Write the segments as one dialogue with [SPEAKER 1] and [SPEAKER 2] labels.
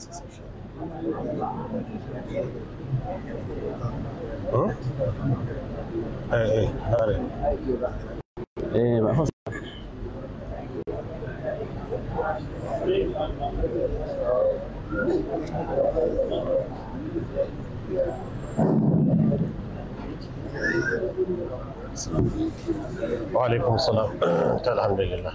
[SPEAKER 1] ايه ايه
[SPEAKER 2] ايه وعليكم السلام الحمد لله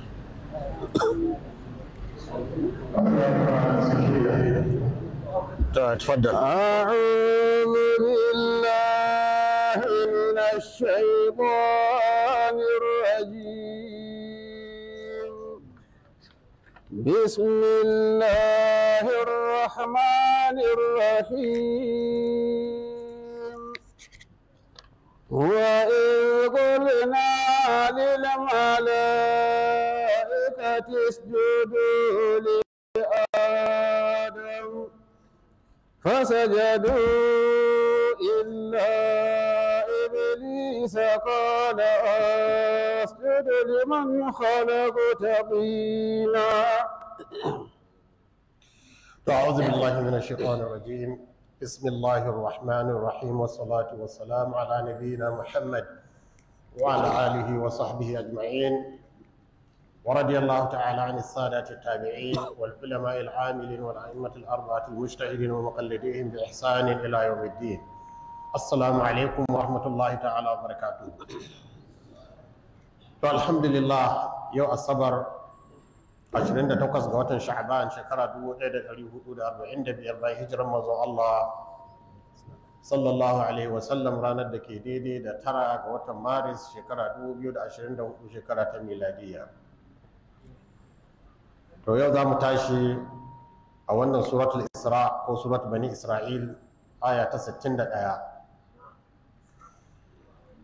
[SPEAKER 2] تفضل أعوذ بالله من الشيطان الرجيم
[SPEAKER 1] بسم الله الرحمن الرحيم
[SPEAKER 2] وإذ قلنا للملائكة اسجدوا آدم فسجدوا إلا إبليس قال أسجد لمن خلق تقينا أعوذ بالله من الشيطان الرجيم بسم الله الرحمن الرحيم والصلاة والسلام على نبينا محمد وعلى آله وصحبه أجمعين ورضي الله تعالى عن السادة التابعين والعلماء العاملين والأئمة الأربعة المجتهدين ومقلديهم بإحسان إلى يوم الدين السلام عليكم ورحمة الله تعالى وبركاته to alhamdulillah yau asabar 28 ga watan sha'ban shekara 1445 bayan hijiran manzo Allah sallallahu alaihi wasallam ranar da ke daidai da tara ga watan maris shekara 2024 shekara ta miladiya. to yau za mu tashi a wannan suratul isra ko surat bani isra'il aya ta 61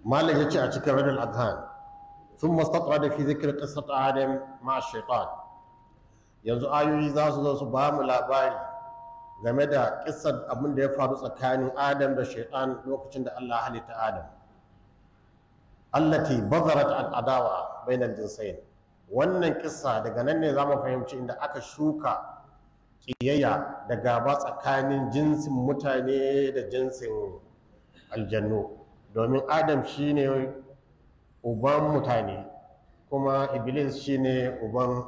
[SPEAKER 2] malik ya ce a cikin radul adhan sun mastatwa da fi zikirar ƙasar adam ma shaitan yanzu ayoyi za su zo su ba mu labari game da ƙisan abin da ya faru tsakanin adam da shaitan lokacin da allah halitta adam allati bazarat al'adawa bainal jinsayin wannan kissa daga nan ne za mu fahimci inda aka shuka ƙiyayya da gaba tsakanin jinsin mutane da jinsin aljannu domin adam shi ne uban mutane kuma iblis ne uban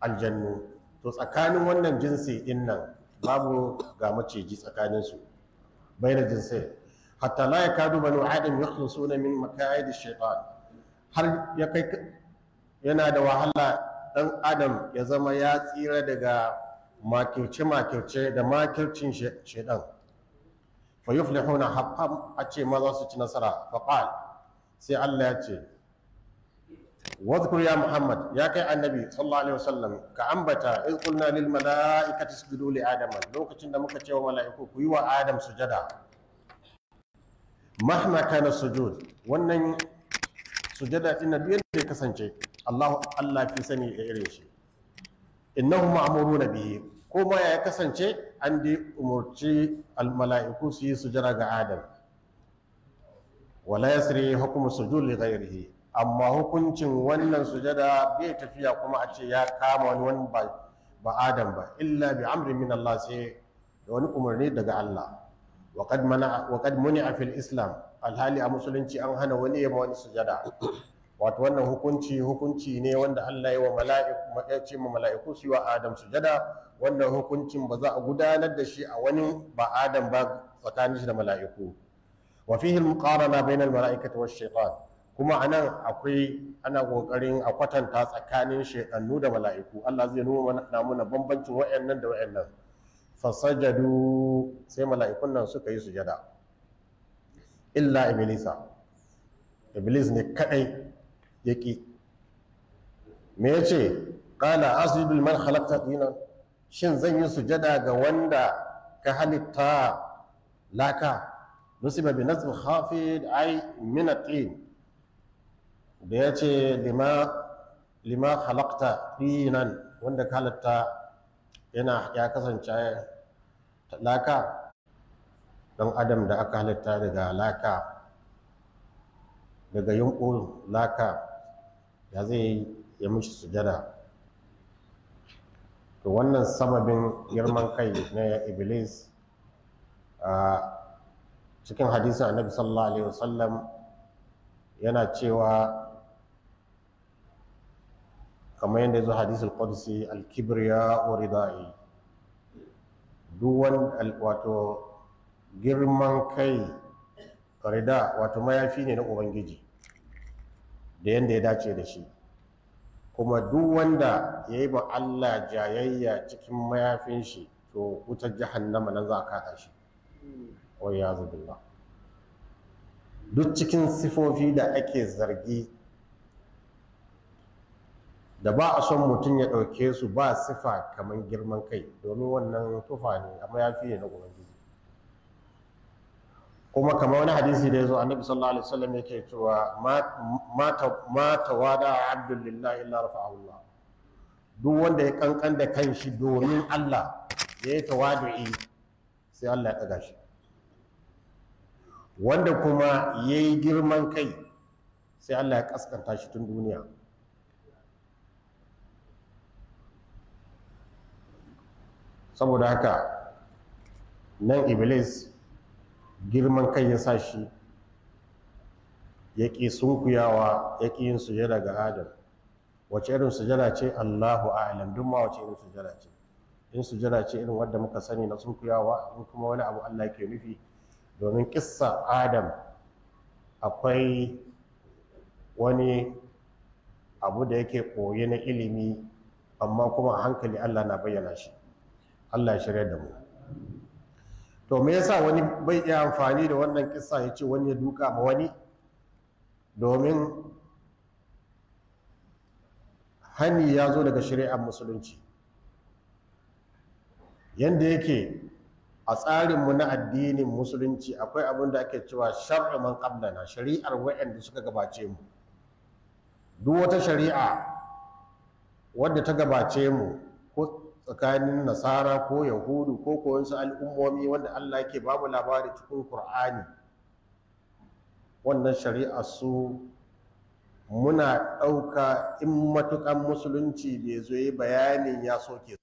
[SPEAKER 2] aljannu to tsakanin wannan jinsi din nan babu ga maciji tsakaninsu bai da jinsai hatta la yakadu banu adam yakhlusuna min makaid shaitan har ya kai yana da wahala ɗan adam ya zama ya tsira daga makirce-makirce da makircin shaidan fa yuflihuna haqqan a ce ma za su ci nasara fa sai Allah ya ce wadhkur ya muhammad ya kai annabi sallallahu alaihi wasallam ka ambata in qulna lil malaikati isjudu li adam lokacin da muka ce wa mala'iku ku yi wa adam sujada mahma kana sujud wannan sujada duk yadda ya kasance Allah Allah fi sani ya irin shi innahu ma'muruna bihi ko ma ya kasance an di umarci almala'iku su yi sujada ga Adam wala yasri hukmu sujud li ghairihi amma hukuncin wannan sujada bai tafiya kuma a ce ya kama wani wani ba ba Adam ba illa bi amri min Allah sai da wani umarni daga Allah wa qad mana wa qad muni'a fil islam alhali a musulunci an hana wani yamma wani sujada wato wannan hukunci hukunci ne wanda Allah ya wa mala'iku ya ce ma mala'iku su wa Adam sujada wannan hukuncin ba za a gudanar da shi a wani ba Adam ba tsakanin shi da mala'iku wa fihi al-muqarana bayna al-mala'ikati wash shaytan kuma anan akwai ana kokarin a kwatanta tsakanin shaytanu da mala'iku Allah zai nuna mana muna bambancin wayannan da wayannan fasajadu sai mala'ikun nan suka yi sujada illa iblisa iblis ne kadai ya me ya ce ƙala asibin man halatta dinan shin zan yi sujada ga wanda ka halitta laka nusiba bi nasb khafid ay min da tin da yace lima lima khalaqta dinan wanda ka halitta yana ya kasance laka Don adam da aka halitta daga laka daga yunƙurin laka ya zai ya mishi sujada to wannan sababin girman kai na iblis a cikin hadisin annabi sallallahu alaihi wasallam yana cewa kamar yadda zo hadisul qudsi al-kibriya wa ridai duwan wato girman kai rida wato mayafi ne na ubangiji da yadda ya dace da shi kuma duk wanda ya yi ba Allah jayayya cikin mayafin shi to wutar jahannama nan za a kaɗa shi wai ya zubillah duk cikin sifofi da ake zargi da ba a son mutum ya ɗauke su ba sifa kamar girman kai domin wannan tufa ne a mayafi ne na gwamnati kuma kamar wani hadisi da ya zo annabi sallallahu alaihi wasallam yake cewa ma tawada abdullahi illa rafa'ahu duk wanda ya kankan da kanshi domin Allah ya yi tawadu'i sai Allah ya ɗaga shi wanda kuma ya yi girman kai sai Allah ya kaskanta shi tun duniya saboda haka nan iblis girman kai ya sa shi ya ƙi sunkuyawa ya ƙi yin sujada ga adam wace irin sujada ce allahu alam duk ma wace irin sujada ce in sujada ce irin wadda muka sani na sunkuyawa in kuma wani abu allah ke nufi domin kisa adam akwai wani abu da yake koyi na ilimi amma kuma a hankali allah na bayyana shi allah ya shirya da mu to me yasa wani bai iya amfani da wannan kissa ya ce wani ya duka ma wani domin hani ya zo daga shari'ar musulunci yanda yake a tsarinmu na addinin musulunci akwai abin da ake cewa shar'u man na shari'ar wa'anda suka gabace mu duk wata shari'a wadda ta gabace mu tsakanin nasara ko yahudu ko kowansu al'ummomi wanda allah ke babu labari cikin Kur'ani. wannan shari'a su muna ɗauka in matukan musulunci bai zo yi bayanin ya soke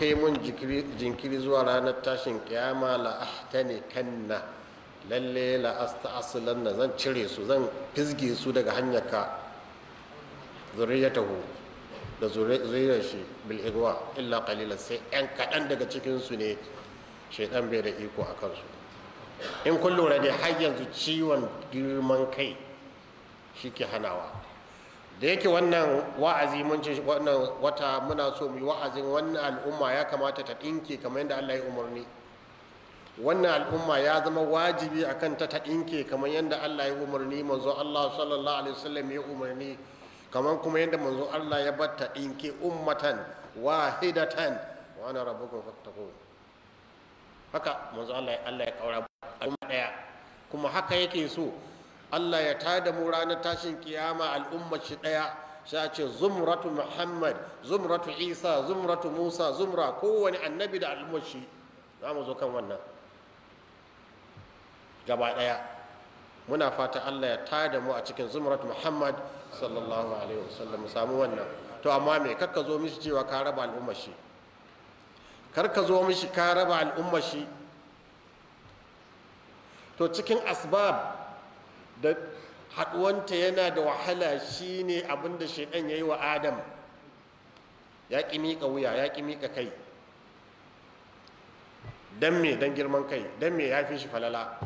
[SPEAKER 2] kai mun jinkiri zuwa ranar tashin kiyama ta ne kanna lalle la'asta asilan na zan cire su zan fizge su daga hanyar ka zuriyatahu da zuriyar shi bil'igwa illa kalila sai yan kaɗan daga cikinsu ne shaidan bai da iko a kansu in kun lura dai har yanzu ciwon girman kai shi ke hanawa da yake wannan wa'azi mun ce wannan wata muna so mu yi wa'azin wannan al'umma ya kamata ta dinke kamar yadda Allah ya umarni wannan al'umma ya zama wajibi akan ta ta dinke kamar yadda Allah ya umarni manzo Allah sallallahu alaihi wasallam ya umarni kamar kuma yadda manzo Allah ya bar ta dinke ummatan wahidatan wa ana rabbukum fattaqu haka manzo Allah Allah ya kaura al'umma daya kuma haka yake so Allah ya tada mu ranar tashin kiyama al'ummar shi daya sai a ce zumratu Muhammad zumratu Isa zumratu Musa zumra kowane annabi da al'ummar shi za mu zo kan wannan gaba daya muna fata Allah ya tada mu a cikin zumratu Muhammad sallallahu alaihi wasallam samu wannan to amma me kakka zo mishi cewa ka raba al'ummar shi kar ka zo mishi ka raba al'ummar shi to cikin asbab da haɗuwanta yana da wahala shi ne abinda shaidan yi wa adam ya ƙi miƙa wuya ya ƙi miƙa kai dan me dan girman kai dan me ya fi shi falala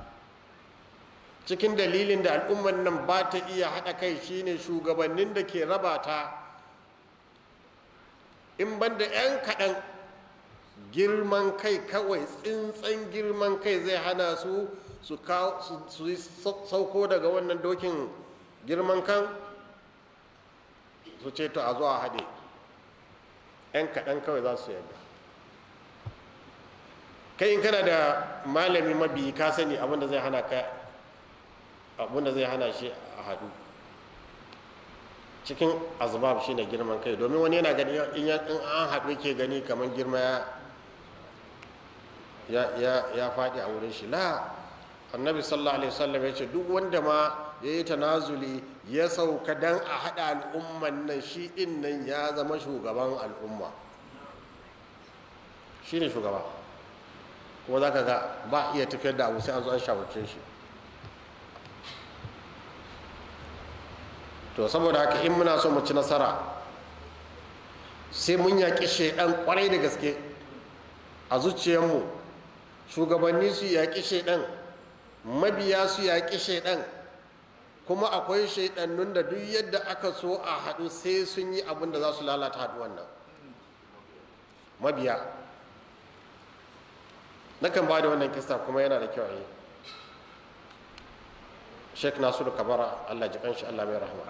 [SPEAKER 2] cikin dalilin da al'ummar nan ba ta iya haɗa kai shi ne shugabannin da ke raba ta in banda 'yan kaɗan girman kai kawai tsintsan girman kai zai hana su su sauko daga wannan dokin girman kan su ce to a zuwa haɗe 'yan kaɗan kawai za su yadda kai in kana da malami mabiyi ka sani abinda zai hana ka abinda zai hana shi a haɗu cikin azbab shi ne girman kai domin wani yana gani in an haɗu ke gani kamar girma ya faɗi a wurin shi la annabi sallallahu alaihi wasallam ya ce duk wanda ma ya yi tanazuli ya sauka dan a haɗa al'umman nan shi ɗin nan ya zama shugaban al'umma shi ne shugaba kuma za ka ga ba iya tafiyar da abu sai an zo an shawarce shi to saboda haka in muna so mu ci nasara sai mun yaƙi shaidan kwarai da gaske a zuciyarmu shugabanni su yaƙi shaidan mabiya su yaƙi shaidan kuma akwai shaidannun da duk yadda aka so a haɗu sai sun yi abin da za su lalata haɗuwan wannan mabiya nakan ba da wannan kista kuma yana da kyau a yi sheik nasiru kabara allah ji shi allah mai rahama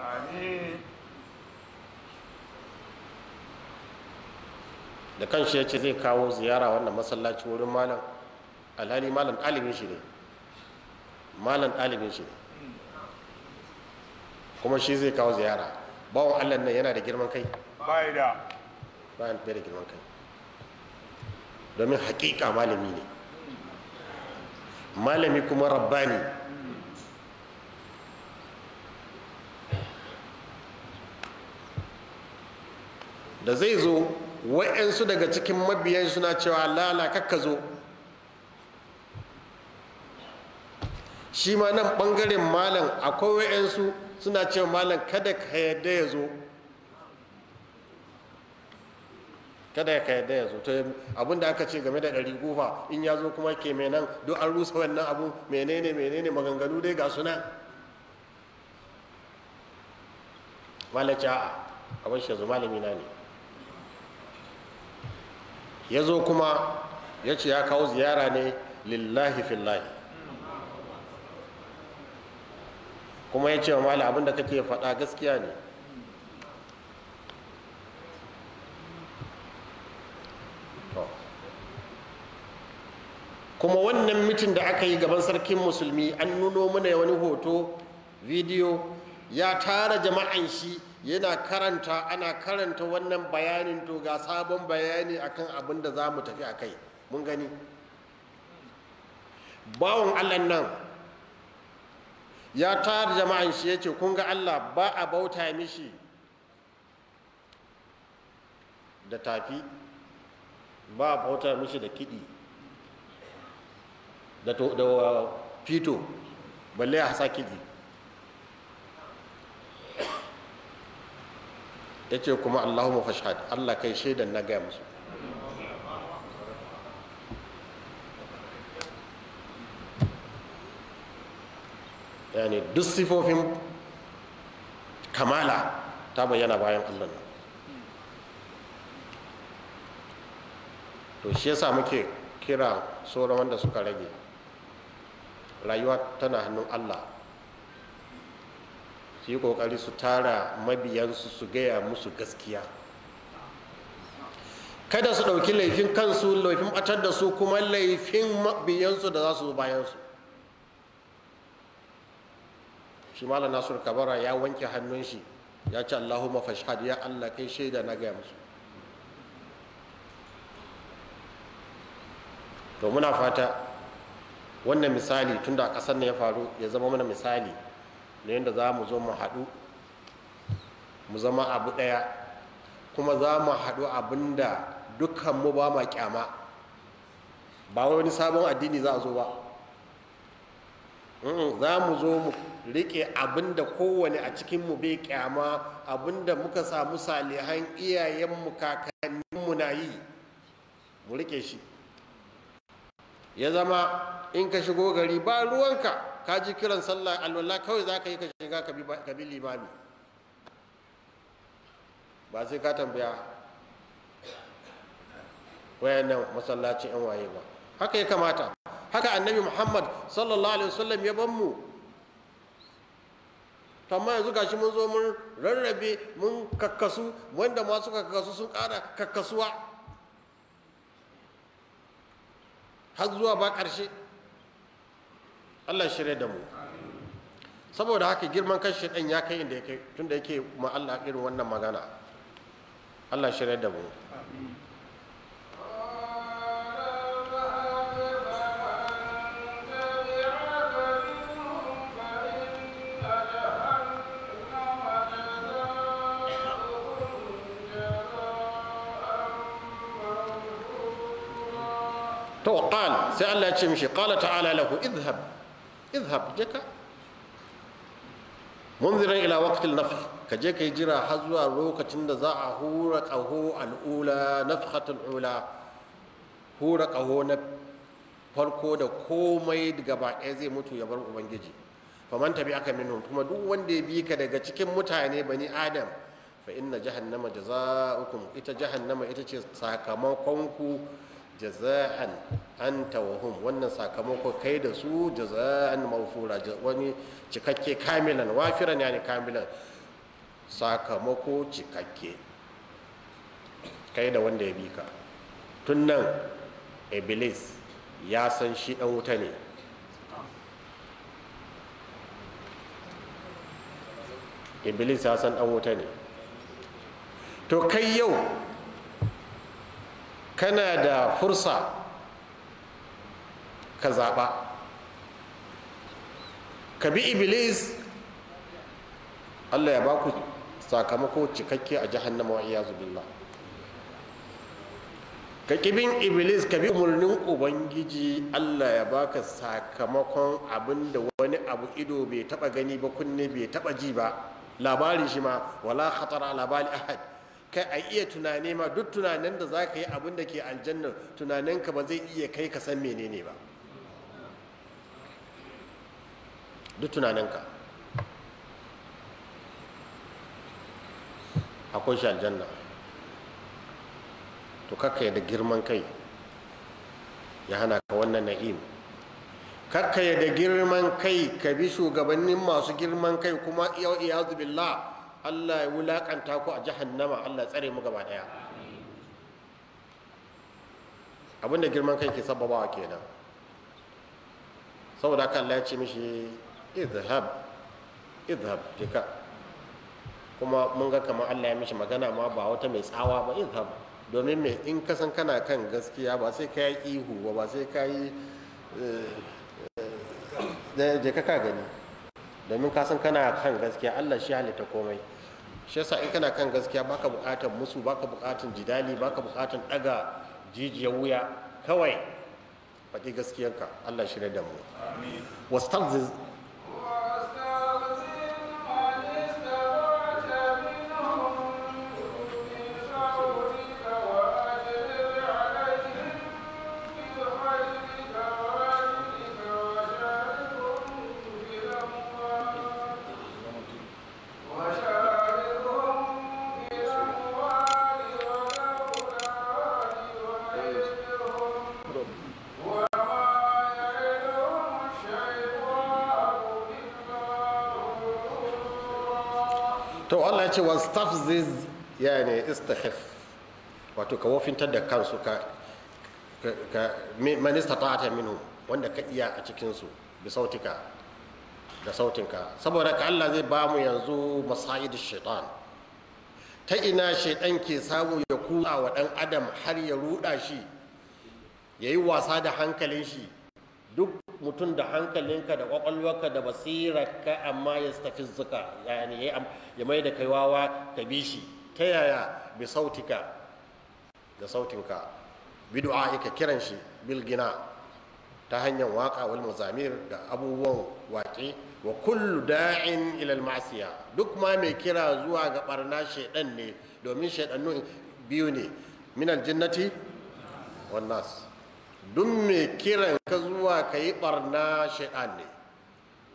[SPEAKER 2] da kanshi ya ce zai kawo ziyara wannan masallaci wurin malam alhali malam ɗalibin shi ne malam ɗalibin shi kuma shi zai kawo ziyara bawan allah nan yana da girman kai bai da bayan da girman kai domin hakika malami ne malami kuma rabbani da zai zo wa'yansu daga cikin mabiyan suna cewa lala ka zo shi ma nan ɓangaren malam akwai wa'yansu suna cewa malam kada ka yadda ya zo kada ka yadda ya zo to abin da aka ce game da ɗari gufa in ya zo kuma ke mai nan don an rusa wannan abu menene menene maganganu dai ga suna malaci a'a abin shi yanzu malami na ne ya zo kuma ya ce ya kawo ziyara ne lillahi fillahi kuma ya ce wa mala abinda kake faɗa gaskiya ne kuma wannan mitin da aka yi gaban sarkin musulmi an nuno mana wani hoto bidiyo ya tara jama'an shi yana karanta ana karanta wannan bayanin to ga sabon bayani akan abin da za mu tafi a kai mun gani bawon allan nan ya tar jama'an shi yace kun ga Allah ba a bauta mishi da tafi ba a bauta mishi da kiɗi da fito balle a hasa kiɗi yace kuma Allahumma fashhad Allah kai shaidan na gaya musu yani duk sifofin kamala ta bayyana bayan allah na to shi yasa muke kira sauran wanda suka rage rayuwa tana hannun allah su yi kokari su tara mabiyansu su gaya musu gaskiya kada su ɗauki laifin kansu laifin ɓatar da su kuma laifin mabiyansu da za su bayansu shi mala nasur kabara ya wanke hannun shi ya ce allahumma fashhad ya allah kai shaida na gaya musu to muna fata wannan misali tun da ƙasar ne ya faru ya zama mana misali na yadda za mu zo mu haɗu mu zama abu ɗaya kuma za mu haɗu abin da dukkanmu ba ma ƙyama ba wani sabon addini za a zo ba za mu zo mu rike abinda kowane a cikinmu bai kyama abinda muka samu salihan iyayenmu kakanninmu na yi mu rike shi ya zama in ka shigo gari ba ruwanka ka ji kiran sallah alwallah kawai za ka yi ka shiga ka bi limami ba sai ka tambaya wayannan masallacin yan waye ba haka ya kamata haka annabi muhammad sallallahu alaihi wasallam ya ban mu ma yanzu gashi mun zo mun rarrabe mun kakkasu wanda masu kakkasu sun kara kakkasuwa har zuwa ba ƙarshe Allah shirya da mu saboda haka girman kashe ɗan ya kai inda ya kai tunda yake ma Allah irin wannan magana Allah shirya da mu to qal sai Allah ya ce mishi qala ta'ala lahu idhhab idhhab je ka munziran ila waqtil nafkh ka je kai jira har zuwa lokacin da za a hura qaho al'ula nafkhatul ula hura qaho na farko da komai gaba ɗaya zai mutu ya bar ubangiji faman tabi aka minhum kuma duk wanda ya bi ka daga cikin mutane bani adam fa inna jahannama jazaa'ukum ita jahannama ita ce sakamakon ku jaza'an anta wa hum wannan sakamako kai da su jaza'an mawfura wani cikakke kamilan wafiran yani kamilan sakamako cikakke kai da wanda ya bi ka tun nan iblis ya san shi dan wuta ne iblis ya san dan wuta ne to kai yau kana da fursa ka zaɓa ka bi iblis allah ya ba ku sakamako cikakke a jahannama wa iyazu ka bin iblis ka bi umarnin ubangiji allah ya baka sakamakon abinda wani abu ido bai taba gani ba kunne bai taɓa ji ba labarin shi ma wala khatara labarin ahad kai a iya tunani ma duk tunanin da za ka yi abin da ke aljanna tunaninka ba zai iya kai ka san menene ba duk tunaninka akwai shi aljanna to kakka da girman kai ya hana ka wannan na'im kakka da girman kai ka bi shugabannin masu girman kai kuma yau iyazu la'a Allah ya wulakanta ku a jahannama Allah tsare mu gaba daya abinda girman kai ke sababawa kenan saboda haka Allah ya ce mishi idhab idhab tika kuma mun ga kamar Allah ya mishi magana ma ba wata mai tsawa ba idhab domin me in ka san kana kan gaskiya ba sai ka yi ihu ba ba sai ka yi da je ka ka gani domin ka san kana kan gaskiya Allah shi halitta komai shi yasa in kana kan gaskiya baka bukatan musu baka bukatan jidali baka bukatan daga jijiyar wuya kawai faɗi gaskiyarka Allah shirya da mu wastanziz ce wastafziz ya ne istakhif wato ka wofintar da kansu ka ta ta minu wanda ka iya a cikinsu bi sautika da sautinka saboda ka Allah zai ba mu yanzu masaidish shaitan ta ina shaitan ke samu ya kula wa ɗan adam har ya ruɗa shi ya yi wasa da hankalin shi duk mutum da hankalinka da kwakwalwarka da basirarka amma ya tafi zuka ya mai da kai wawa ka bi shi ta yaya bi sautika da sautinka bi ka kiran shi bil gina ta hanyar waka wal muzamir da abubuwan waƙe wa kullu da'in ilal masiya duk ma mai kira zuwa ga barna shaidan ne domin shaidannu biyu ne minal jinnati wan nas duk mai kiran ka zuwa ka yi barna shaidan ne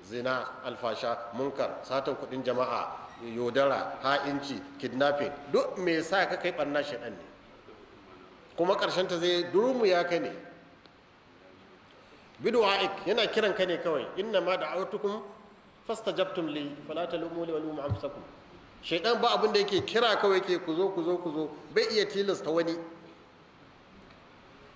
[SPEAKER 2] zina alfasha munkar satan kudin jama'a yodara ha'inci kidnapping duk mai sa ka kai barna shaidan ne kuma karshen ta zai durumu ya ka ne Bid'u bid'a'ik yana kiran ka ne kawai inna ma da'awtukum fastajabtum li fala talumu li wa anfusakum shaidan ba abin da yake kira kawai ke ku zo ku zo ku zo bai iya tilasta wani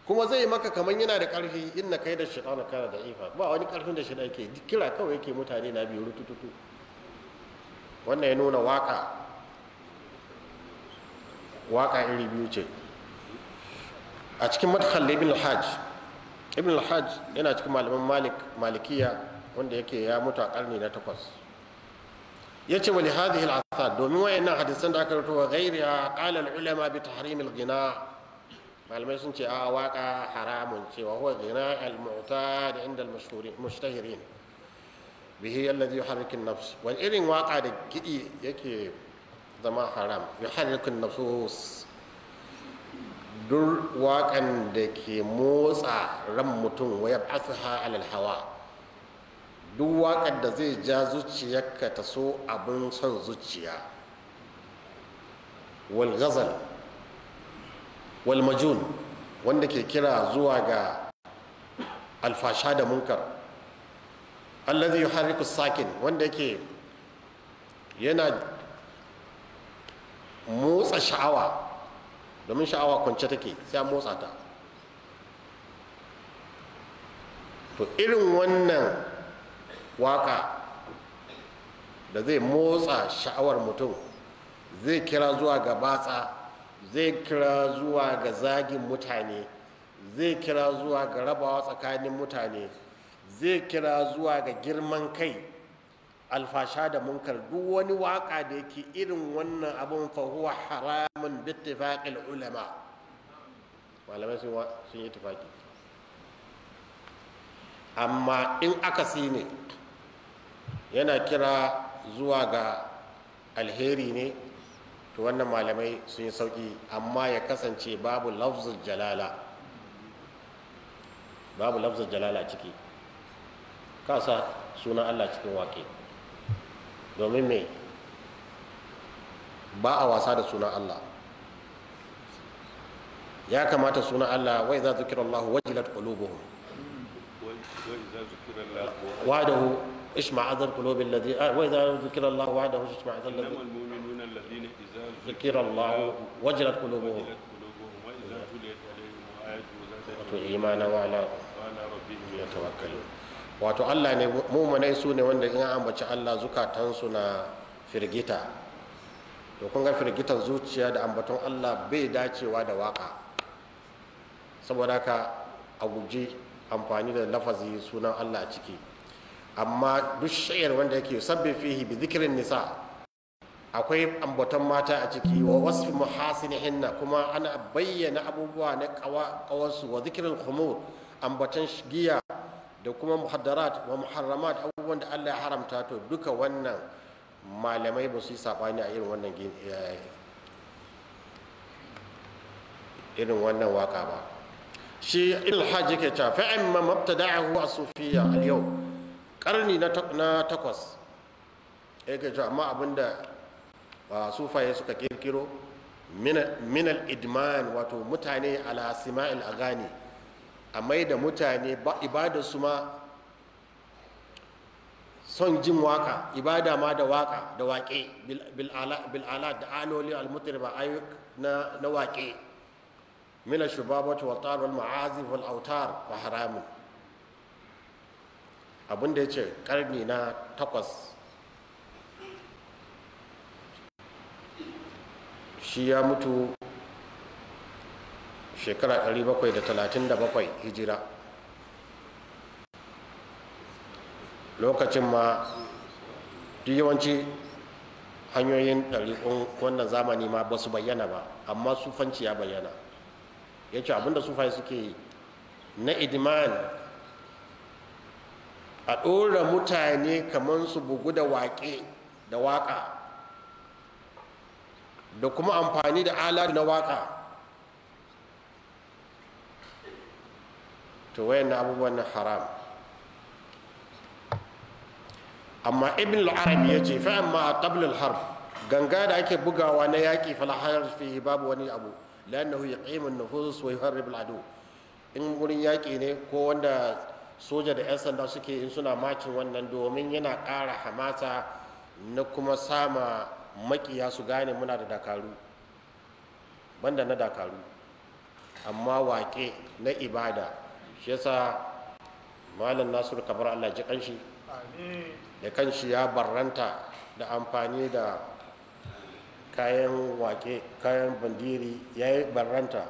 [SPEAKER 2] kuma zai maka kaman yana da karfi inna kai da shaitana kana da ifa ba wani karfin da shi da yake kira kawai yake mutane na biyu rutututu wannan ya nuna waka waka iri biyu ce a cikin madkhal ibn al-hajj ibn al-hajj yana cikin malaman malik malikiya wanda yake ya mutu a karni na takwas ya ce wali hadhihi al-athar domin wayannan hadisan da aka rubuta ghairiha qala al-ulama bi tahrim al-ghina malamai sun ce a waka haramun cewa huwa gina al-mu'ta da inda al-mushtahirin bihi alladhi yuharriku nafs wani irin waka da gidi yake zama haram yuharriku an-nafs dur wakan da ke motsa ran mutum wa yab'athaha alal hawa duk wakan da zai ja zuciyarka ta so abin son zuciya wal ghazal wal wanda ke kira zuwa ga alfasha da munkar allazi yuharriku sakin wanda yake yana motsa sha'awa domin sha'awa kwance take sai a motsa ta to irin wannan waka da zai motsa sha'awar mutum zai kira zuwa ga batsa zai kira zuwa ga zagin mutane zai kira zuwa ga rabawa tsakanin mutane zai kira zuwa ga girman kai alfasha da munkar duk wani waka da yake irin wannan abin fahuwa haramun bittifaqil ulama malamai sun yi tufaki amma in aka ne yana kira zuwa ga alheri ne to wannan malamai sun yi sauki amma ya kasance babu lafzul jalala babu lafzul jalala ciki kasa sunan Allah cikin wake domin me ba a wasa da sunan Allah ya kamata sunan Allah wai za zukira Allah wajilat qulubuhum wa'adahu isma'azar qulubil ladhi ah, wa idza zukira Allah wa'adahu isma'azar ladhi ذكر الله وجلت قلوبهم wato imana wa ala wato Allah ne mu'minai su ne wanda in ambaci Allah zukatansu na firgita to kun ga firgitan zuciya da ambaton Allah bai dacewa da waka saboda ka a guji amfani da lafazi sunan Allah a ciki amma duk shayar wanda yake sabbi fihi bi dhikrin nisa' akwai ambaton mata a ciki wa wasu hinna kuma ana bayyana abubuwa na kawarsu wa zikirin khumur ambaton giya da kuma muhaddarat wa muharramat abubuwan da Allah ya haramta to duka wannan malamai ba su yi sabani a irin wannan eh, irin wannan waka ba shi ilhaj yake cewa fa'in ma mabtada'ahu a Sufiya a yau karni na takwas yake cewa amma abinda sufaye suka kirkiro minal idman wato mutane ala sima'il agani a mai da mutane ibada su ma son jin waka ibada ma da waka da waƙe bil'ala da aloli ba ayyuk na waƙe mina shubabatu wa tarwal ma'azif wal autar ba haramun abinda ya ce karni na takwas shi ya mutu shekara 737 hijira lokacin ma duk yawanci hanyoyin ɗariƙun wannan zamani ma ba su bayyana ba amma sufanci ya bayyana ya ce abinda sufai suke yi na idiman a ɗora mutane kamar su bugu da waƙe da waƙa da kuma amfani da aladu na waka to wayan na abubuwan haram amma ibn al-arabi ya ce fa'an ma al harb ganga da ake bugawa na yaƙi falahar fi babu wani abu lannahu an nufus wa yuharrib al-adu in wurin yaki ne ko wanda soja da 'yan sanda suke in suna macin wannan domin yana ƙara hamata na kuma sama makiya su gane muna da dakaru banda na dakaru amma waƙe na ibada shi yasa malam nasiru kabar allah ji kanshi da kanshi ya barranta da amfani da kayan wake kayan bandiri ya yi barranta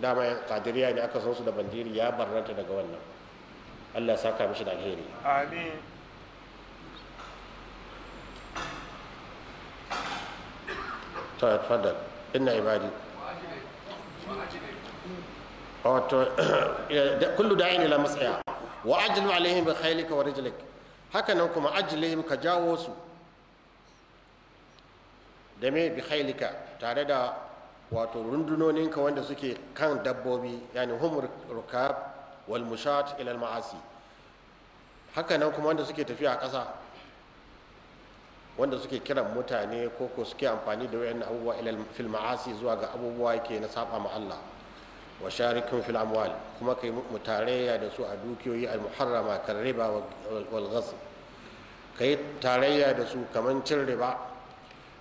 [SPEAKER 2] dama kadiriya ne aka san su da bandiri ya barranta daga wannan allah ya saka mishi da alheri amin طيب تفضل إن عبادي كل داع إلى مسعها وأجل عليهم بخيلك ورجلك هكذا كما أجلهم كجاوسوا dame bi khailika tare da wato rundunoninka wanda suke kan dabbobi yani hum rukab wal mushat ila al ma'asi haka nan kuma wanda suke tafiya a ƙasa wanda suke kiran mutane ko ko suke amfani da wayan abubuwa ila fil ma'asi zuwa ga abubuwa yake na saba ma Allah wa sharikum fil amwal kuma kai mutarayya da su a dukiyoyi al muharrama kan riba wal ghasb kai tarayya da su kaman cin riba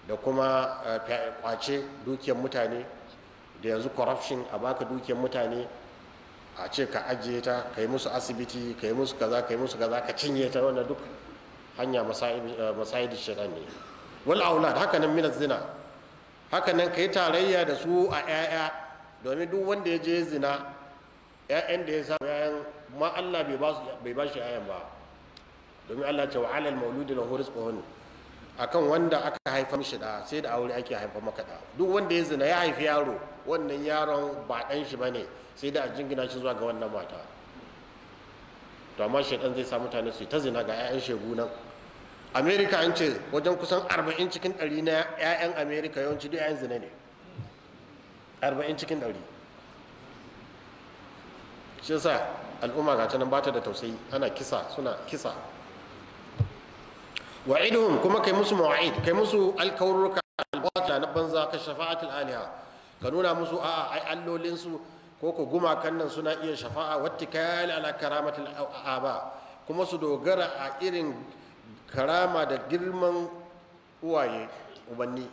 [SPEAKER 2] da kuma eh, kwace dukiyar mutane da yanzu corruption a baka dukiyar mutane a ce ka ajiye ta kai musu asibiti kai musu kaza kai musu kaza ka cinye ta wannan duk hanya da eh, shaɗa ne wal aulad da hakanan minaz zina hakanan ka yi tarayya da su a yaya domin duk wanda ya je zina yayan da ya sa yayan ma Allah bai ba shi yayan ba domin Allah ce wa alal mauludi lahu rizquhun akan wanda aka haifa mishi da sai da aure ake haifa maka da duk wanda ya zina ya haifi yaro wannan yaron ba dan shi bane sai da a jingina shi zuwa ga wannan mata to amma dan zai sa mutane su ta zina ga yayan shegu nan Amerika an ce wajen kusan 40 cikin 100 na 'ya'yan Amerika yawanci duk 'ya'yan zina ne 40 cikin 100 shi sa al'umma ga canan nan ba ta da tausayi ana kisa suna kisa wa'iduhum kuma kai musu mawa'id kai musu alkawurruka albatla na banza ka shafa'atul aliha ka nuna musu a'a ai allolinsu ko ku gumakan nan suna iya shafa'a wattikal ala karamatul aba kuma su dogara a irin karama da girman uwaye ubanni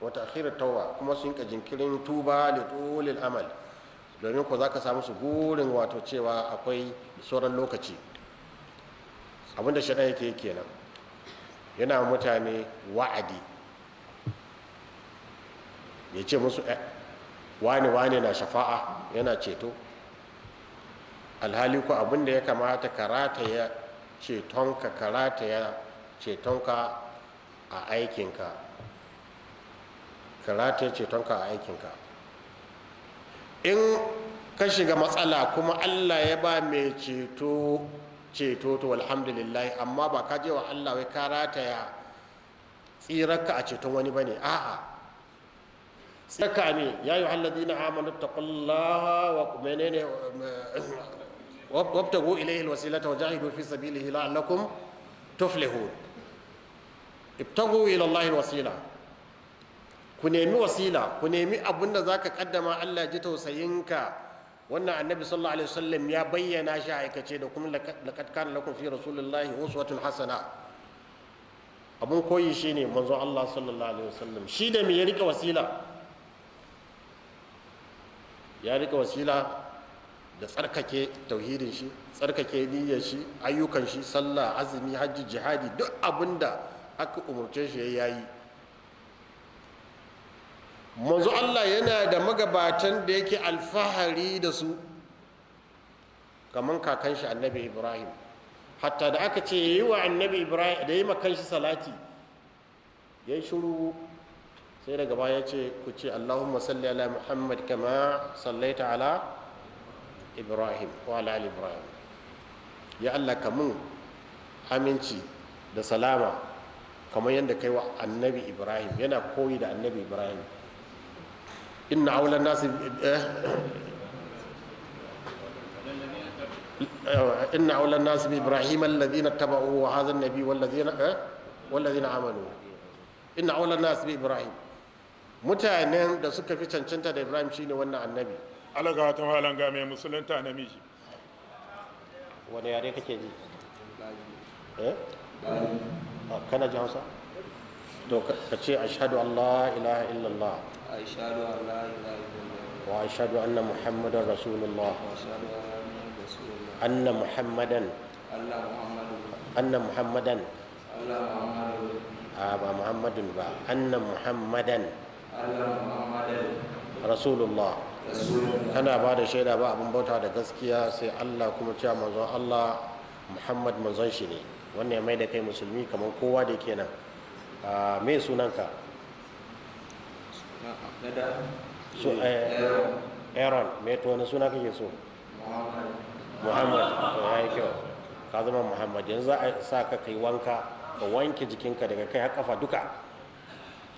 [SPEAKER 2] wata akhirar tauba kuma sun ka jinkirin tuba da tulil amal domin ko za ka samu su gurin wato cewa akwai sauran lokaci abinda shaɗan yake nan yana mutane wa'adi ya ce musu wani eh, wani na shafa'a yana ceto alhali ko abinda ya kamata karata ya cetonka karataya cetonka a aikinka Karataya cetonka a aikinka in ka shiga matsala kuma allah ya ba mai ceto ceto to alhamdulillah amma ba ka je wa allah wai karataya rataya tsirarka a ceton wani ba ne a'a tsirarka ne ya yi halladi na amanu taqullaha wa ne. wabtagu ilayhi alwasilata wa jahidu fi sabilihi la'allakum tuflihun ibtagu ila allahi ku nemi wasila ku nemi abin da zaka kaddama Allah ji tausayinka wannan annabi sallallahu alaihi wasallam ya bayyana shi aikace da kuma laqad kana lakum fi rasulillahi uswatun hasana abun koyi shine manzon Allah sallallahu alaihi wasallam shi da ya rika wasila ya rika wasila da tsarkake tauhidin shi tsarkake niyyar shi ayyukan shi sallah azumi hajji jihadi duk da aka umarce shi ya yayi manzo Allah yana da magabatan da yake alfahari da su kaman kakan shi annabi Ibrahim hatta da aka ce yayi wa annabi Ibrahim da yi makan shi salati yayi shiru shuru sai daga baya ce ku ce Allahumma salli ala Muhammad kama sallaita ala ibrahim ko ala ibrahim ya allah ka mun aminci da salama kamar yadda kai wa annabi ibrahim yana koyi da annabi ibrahim inna eh, mutanen da suka fi cancanta da ibrahim shine wannan annabi alaga ta halan ga mai musulunta namiji wani yare kake ji eh ah, kana ji hausa to ka ce ashhadu an la ilaha illallah ashhadu an la ilaha illallah wa ashadu anna muhammadan rasulullah anna muhammadan anna muhammadan a ah, ba muhammadun ba anna muhammadan rasulullah kana ba da shaida ba abin bauta da gaskiya sai Allah kuma cewa manzon Allah Muhammad manzon shi ne wannan ya mai da kai musulmi kamar kowa da ke nan ah, me sunanka eh, Aaron me to wani suna kake so
[SPEAKER 1] Muhammad to yi kyau
[SPEAKER 2] ka zama Muhammad yanzu za a sa ka kai wanka ka wanke jikinka daga kai har kafa duka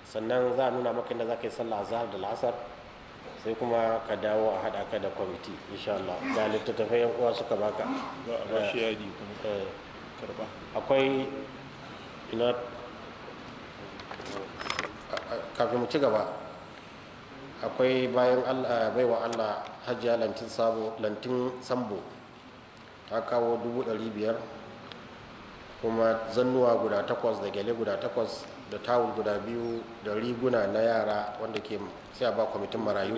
[SPEAKER 2] sannan za a nuna maka inda za ka yi sallah azhar da la'asar sai kuma ka dawo a haɗa ka da kwamiti insha Allah da littattafai yan uwa suka baka eh. akwai ina kafin mu ci gaba akwai bayan Allah baiwa Allah hajjiya lantin sabo lantin sambo ta kawo dubu ɗari biyar kuma zannuwa guda takwas da gele guda takwas da tawul guda biyu da riguna na yara wanda ke sai a ba kwamitin marayu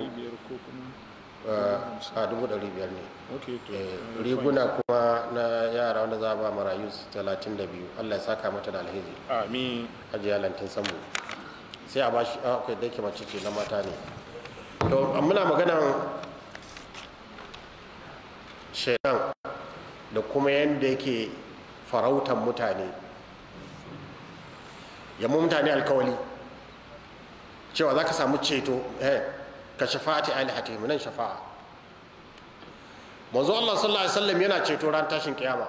[SPEAKER 2] eh, a dubu ɗari biyar ne eh, eh, riguna kuma na yara wanda za a ba marayu talatin da biyu allah ya saka mata da alheri amin ajiya lantin samu sai a shi a ah, kai dake mace ce na mata ne to muna maganan shaidan da kuma yadda yake farautan mutane ya mu mutane alkawali cewa za ka samu ceto eh, ka shafa'ati alihatihim nan shafa'a manzo Allah sallallahu alaihi wasallam yana ceto ran tashin kiyama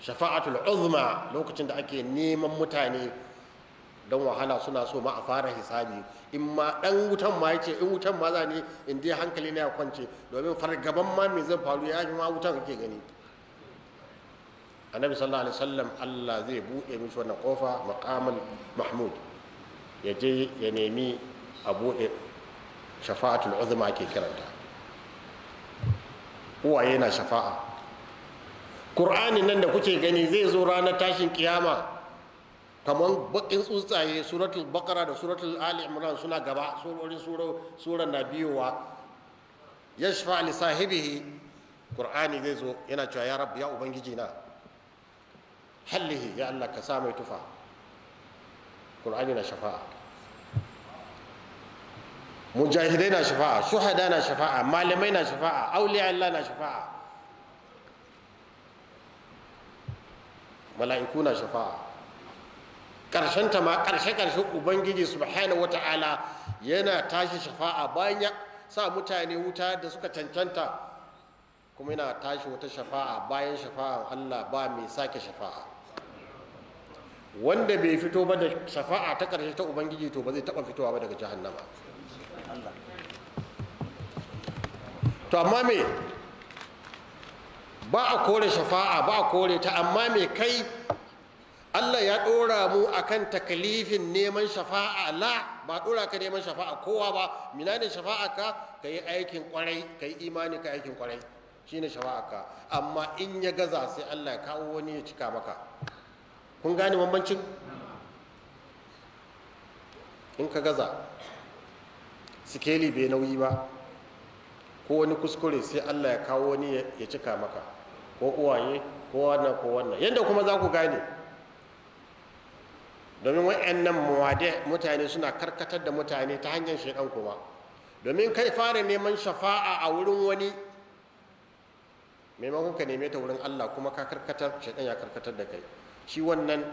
[SPEAKER 2] shafa'atul uzma lokacin da ake neman mutane don wahala suna so ma a fara hisabi in ma dan wutan ma yace in wutan ma za ne in dai hankali na ya kwance domin fargaban ma me zai faru ya ma wutan kake gani annabi sallallahu alaihi wasallam Allah zai buɗe mishi wannan kofa maqamal mahmud ya je ya nemi a buɗe shafa'atul uzma ke kiranta uwaye na shafa'a Qur'anin nan da kuke gani zai zo ranar tashin kiyama kamar bakin tsuntsaye suratul Baƙara da suratul ali imran suna gaba surorin suran na biyowa yashfa li sahibihi qur'ani zai zo yana cewa ya rabbi ya ubangiji na hallihi ya Allah ka sa mai tufa Qur'ani na shafa'a mujahidai na shafa'a shuhada na shafa'a malamai na shafa'a auliya Allah na shafa'a mala'iku na shafa'a Karshen ta ma ƙarshe ƙarshen ubangiji subhanahu wata'ala yana tashi shafa'a bayan ya sa mutane wuta da suka cancanta kuma yana tashi wata shafa'a bayan shafa'a Allah ba mai sake shafa'a wanda bai fito ba da shafa'a ta karshe ta ubangiji to ba zai taɓa fitowa ba daga jahannama to amma me ba a kore shafa'a ba a kore ta amma me kai Allah ya ɗora mu akan takalifin neman shafa'a la ba ɗora ka neman shafa'a kowa ba mina ne shafa'a ka ka yi aikin kwarai ka yi imani ka aikin kwarai shine shafa'a ka amma in ya gaza sai Allah ya kawo wani ya cika maka kun gane bambancin in ka gaza sikeli bai nauyi ba ko wani kuskure sai allah ya kawo wani ya cika maka ko uwaye ko wannan ko wannan yadda kuma za ku gane domin wa'annan muwade mutane suna karkatar da mutane ta hanyar shekan kuma domin kai fara neman shafa'a a wurin wani maimakon ka neme ta wurin allah kuma ka karkatar shekan ya karkatar da kai shi wannan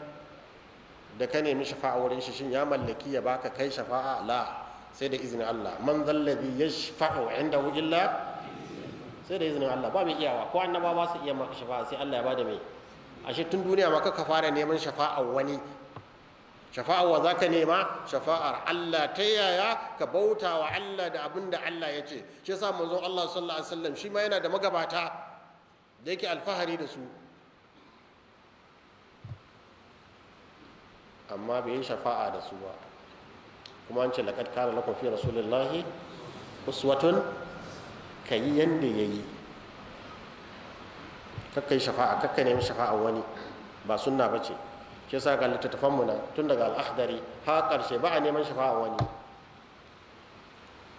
[SPEAKER 2] da ka nemi shafa'a wurin shi shin ya mallaki ya baka kai shafa'a la sai da izinin Allah man zallabi ya yashfa'u inda illa sai da izinin Allah ba mai iyawa ko annaba ba su iya maka shafa'a sai Allah ya bada mai ashe tun duniya maka ka fara neman shafa'a wani shafa'ar wa zaka nema shafa'ar Allah ta yaya ka bauta wa Allah da abin da Allah ya ce shi yasa manzon Allah sallallahu alaihi wasallam shi ma yana da magabata da yake alfahari da su amma bai yi shafa'a da su ba kuma an ce da kana lakum fi rasulillahi uswatun kayi ya yayi kakkai shafa'a kakkai nemi shafa'a wani ba sunna bace ke sa ga littattafan mu tun daga al'adari ha karshe ba a neman shafa'a wani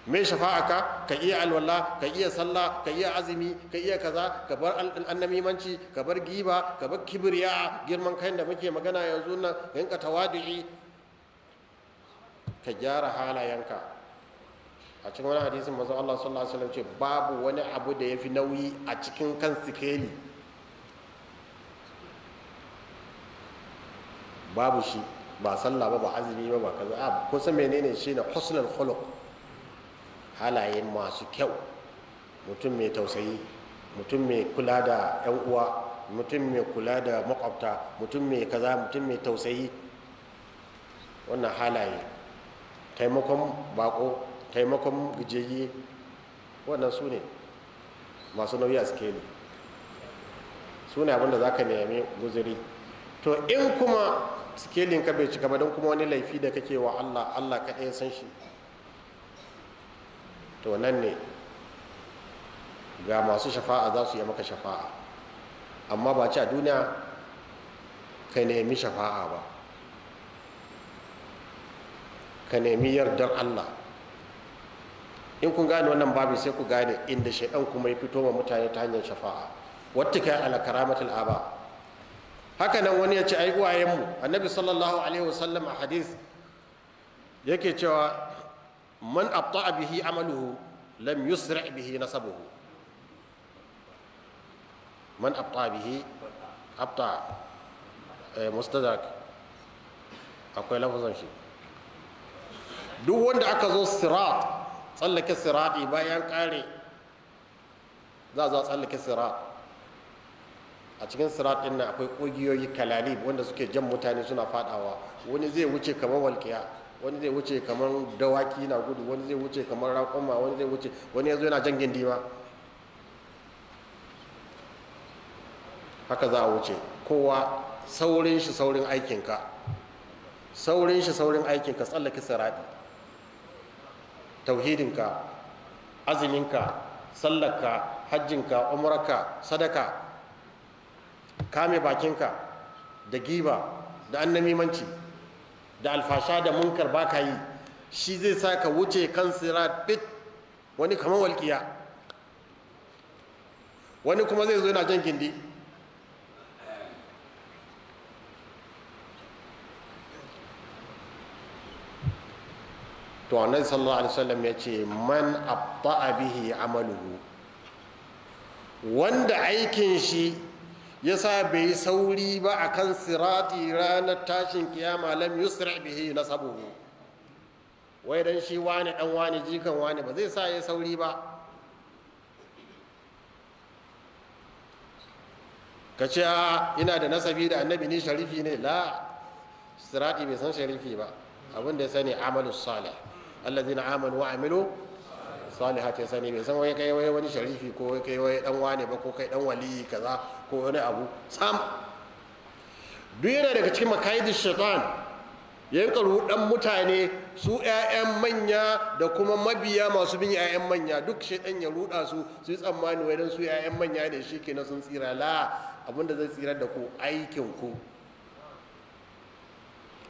[SPEAKER 2] me shafa'aka ka iya alwala ka iya sallah ka iya azumi ka iya kaza ka bar annamimanci ka bar giba ka bar kibriya girman kai da muke magana yanzu nan ka yanka tawadu'i ka gyara halayenka a cikin wani hadisin manzo Allah sallallahu alaihi wasallam ce babu wani abu da yafi nauyi a cikin kan sikeli babu shi ba sallah ba ba azumi ba ba kaza a kusa menene shine husnul khuluq halaye masu kyau mutum mai tausayi mutum mai kula da 'yan uwa mutum mai kula da makwabta mutum mai kaza mutum mai tausayi wannan halaye taimakon bako taimakon gajiyayye wannan su ne masu nauyi a sikeli su ne abinda za ka nemi guzuri to in kuma sikelin ka bai cika ba don kuma wani laifi da kake wa allah allah ɗaya san shi to nan ne ga masu shafa'a za su yi maka shafa'a amma ba ci a duniya ka nemi shafa'a ba ka nemi yardar Allah in kun gane wannan babu sai ku gane inda shaidan kuma ya fito ma mutane ta hanyar shafa'a wata kai ala karamatul aba haka nan wani ya ce ai uwayenmu annabi sallallahu alaihi wasallam a hadith yake cewa من أبطع به عمله لم يسرع به نسبه من أبطع به أبطع آه، مستدرك أقول لفظا شيء دو وند أكزو الصراط صلى لك الصراط يبايان كالي ذا ذا صلى لك الصراط أتكن الصراط إن أقول قوي يوي كلاليب وند سكي جم متاني سنة فات أوا وند زي وچه كما والكيا wani zai wuce kamar dawaki na gudu wani zai wuce kamar rakoma wani zai wuce wani ya zo yana jan diwa haka za a wuce kowa saurin shi saurin aikinka saurin shi saurin aikinka tsallake sarari tauhidinka aziminka sallaka hajjinka umarka sadaka kame bakinka da giba da annamimanci da alfasha da munkar ba ka yi shi zai sa ka wuce kan sirat fit wani kamar walƙiya wani kuma zai zo yana jan gindi to annabi sallallahu alaihi wasallam ya ce man abta'a bihi amaluhu wanda aikin shi yasa bai sauri ba akan sirati ranar tashin kiyama lam yusra bihi nasabuhu wai dan shi wani dan wani jikan wani ba zai sa ya sauri ba ka ce a ina da nasabi da annabi ni sharifi ne la sirati bai san sharifi ba abin da ya sani amalus salih allazina amanu wa amilu salihat sani bai san wai kai wai wani sharifi ko wai kai wai dan wane ba ko kai dan wali kaza ko wani abu sam duk yana daga cikin makaidi shaitan yanka rudan mutane su 'ya'yan manya da kuma mabiya masu bin 'ya'yan manya duk shaitan ya ruda su su yi tsammani wai dan su 'ya'yan manya ne shi ke sun tsira la abinda zai tsira da ku aikin ku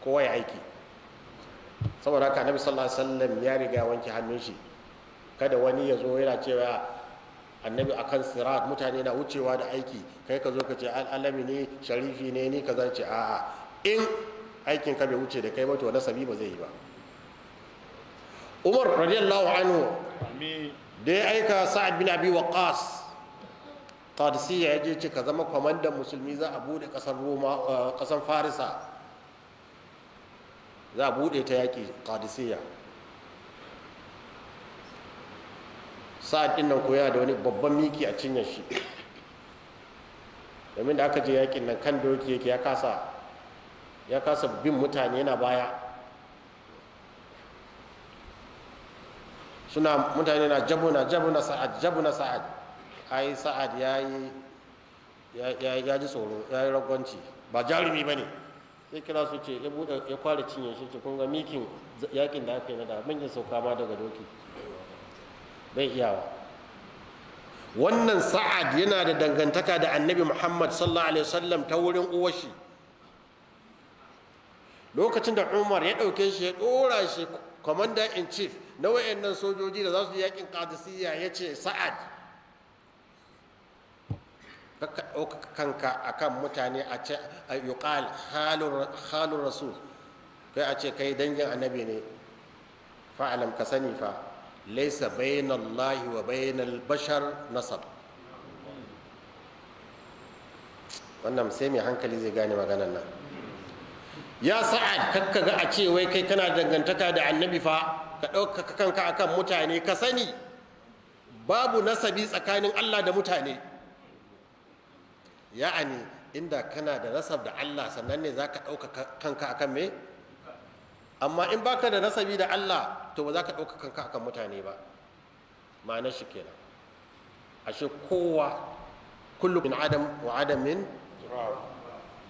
[SPEAKER 2] kowa aiki saboda haka nabi sallallahu alaihi wasallam ya riga wanke hannun shi kada wani ya zo yana cewa annabi akan sirat mutane na wucewa da aiki kai ka zo ka ce al'alami ne sharifi ne ni zance a a'a in aikin ka bai wuce da kai mato na nasabi ba zai yi ba umar radiyallahu anhu da ya aika sa'ad bin abi waqas qadisiyya ya je ce ka zama kwamandan musulmi za a bude kasar roma kasar eh, farisa za a bude ta yaki qadisiyya sa'ad din nan koya da wani babban miki a cinyar shi domin da aka je yakin nan kan doki yake ya kasa ya kasa bin mutane yana baya suna mutane na jabuna jabuna sa'ad jabuna sa'ad ai sa'ad yayi ya ji tsoro ya yi ragwanci ba jarumi ba ne sai kira su ce ya kwara cinye shi ce kun ga mikin yakin da aka yi na da mun sauka ma daga doki bai iyawa wannan sa'ad yana da dangantaka da annabi muhammad sallallahu alaihi wasallam ta wurin uwashi lokacin da umar ya ɗauke shi ya ɗora shi commander in chief na wayannan sojoji da za su yakin qadisiyya ya ce sa'ad kakka ɗauka kanka akan mutane a ce a yuqal halun rasul kai a ce kai dangin annabi ne fa'alam ka sani fa laisa bainallahi wa bainal bashar nasab wannan sai mai hankali zai gane maganar nan ya sa'ad kakka ga a ce wai kai kana dangantaka da annabi fa ka ɗauka kanka akan mutane ka sani babu nasabi tsakanin Allah da mutane ya'ani inda kana da nasab da Allah sannan ne za ka ɗauka kanka akan me amma in baka da nasabi da Allah to ba za ka ɗauka kanka akan mutane ba ma'anar shi kenan ashe kowa kullu min adam wa adamin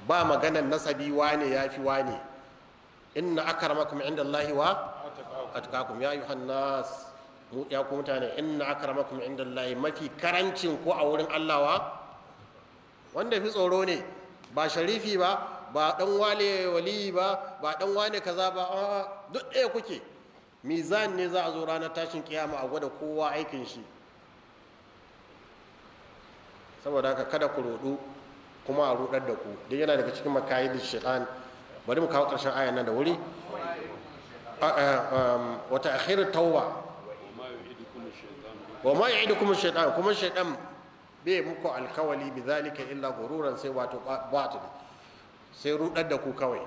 [SPEAKER 2] ba maganan nasabi wane yafi wane inna akramakum inda Allah wa atqakum ya ayuhan nas mu ya ku mutane inna akramakum inda Allah mafi karancin ko a wurin Allah wa wanda fi tsoro ne ba sharifi ba ba dan wale wali ba ba dan wane kaza ba duk ɗaya kuke mizan ne za a zo ranar tashin kiyama a gwada kowa aikin shi saboda haka kada ku rudu kuma a rudar da ku duk yana daga cikin makayi da shaitan bari mu kawo karshen ayan nan da wuri um, wata akhir tawwa wa ma ya'idukum shaitan kuma shaitan bai muku alkawali bi zalika illa ghururan sai wato batil sai rudar da ku kawai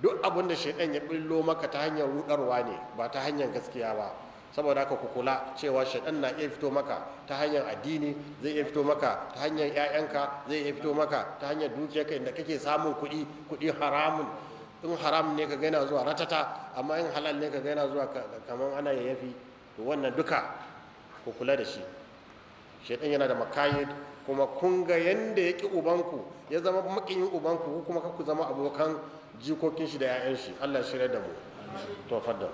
[SPEAKER 2] duk abin da shaidan ya billo maka ta hanyar rudarwa ne ba ta hanyar gaskiya ba saboda haka ku kula cewa shaidan na iya fito maka ta hanyar addini zai iya fito maka ta hanyar 'ya'yanka zai iya fito maka ta hanyar dukiyarka inda kake samun kuɗi kuɗi haramun in haram ne ka gaina zuwa ratata amma in halal ne ka gaina zuwa kamar ana yayafi to wannan duka ku kula da shi shaidan yana da makayid kuma kun ga yanda ya ƙi ubanku ya zama makin ubanku kuma ku zama abokan jikokin shi da 'ya'yan shi allah shirya da mu to fadda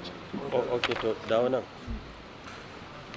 [SPEAKER 2] a oh, nan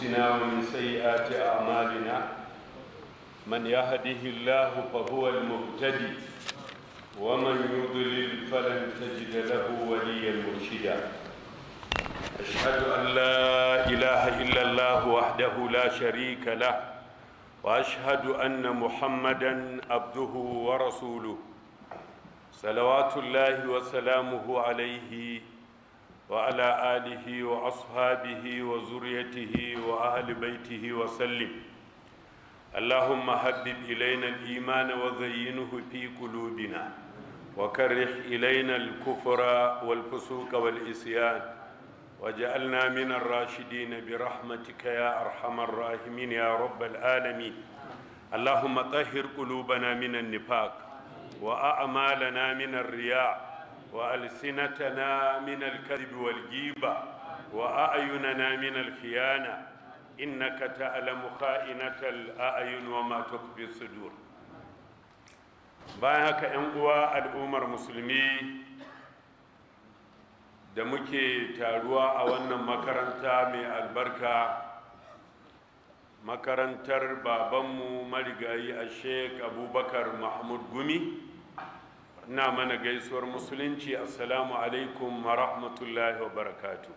[SPEAKER 1] أنفسنا ومن سيئات أعمالنا من يهده الله فهو المهتدي ومن يضلل فلن تجد له وليا مرشدا أشهد أن لا إله إلا الله وحده لا شريك له وأشهد أن محمدا عبده ورسوله صلوات الله وسلامه عليه وعلى آله وأصحابه وزريته وأهل بيته وسلم اللهم حبب إلينا الإيمان وزينه في قلوبنا وكره إلينا الكفر والفسوق والإسيان وجعلنا من الراشدين برحمتك يا أرحم الراحمين يا رب العالمين اللهم طهر قلوبنا من النفاق وأعمالنا من الرياء وألسنتنا من الكذب والجيبة وأعيننا من الخيانة إنك تعلم خائنة الأعين وما تخفي الصدور bayan haka 'yan uwa al'ummar musulmi da muke taruwa a wannan makaranta mai albarka makarantar babanmu marigayi a sheik abubakar mahmud gumi na mana gaisuwar musulunci assalamu alaikum wa rahmatullahi wa barakatu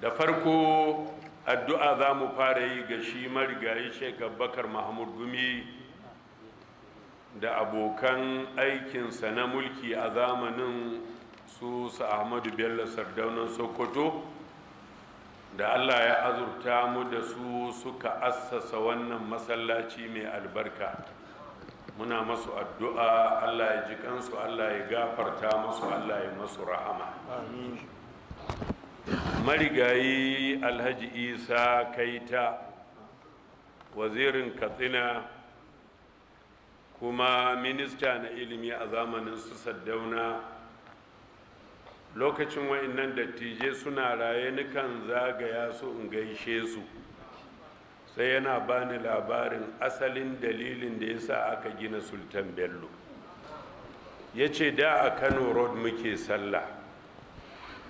[SPEAKER 1] da farko addu'a za mu fara yi ga shi marigayi sheik Bakar, mahmud gumi da abokan aikinsa na mulki a zamanin su su ahmadu bello sardaunan sokoto da allah ya azurta mu da su suka assasa wannan masallaci mai albarka muna masu addu'a allah ya ji kansu allah ya gafarta masu allah ya masu rahama marigayi alhaji isa kaita wazirin katsina kuma minista na ilimi a zamanin su saddauna lokacin wa'annan dattijai suna raye nukan zagaya su in gaishe su sai yana ni labarin asalin dalilin da ya sa aka gina sultan bello ya ce da a kano road muke sallah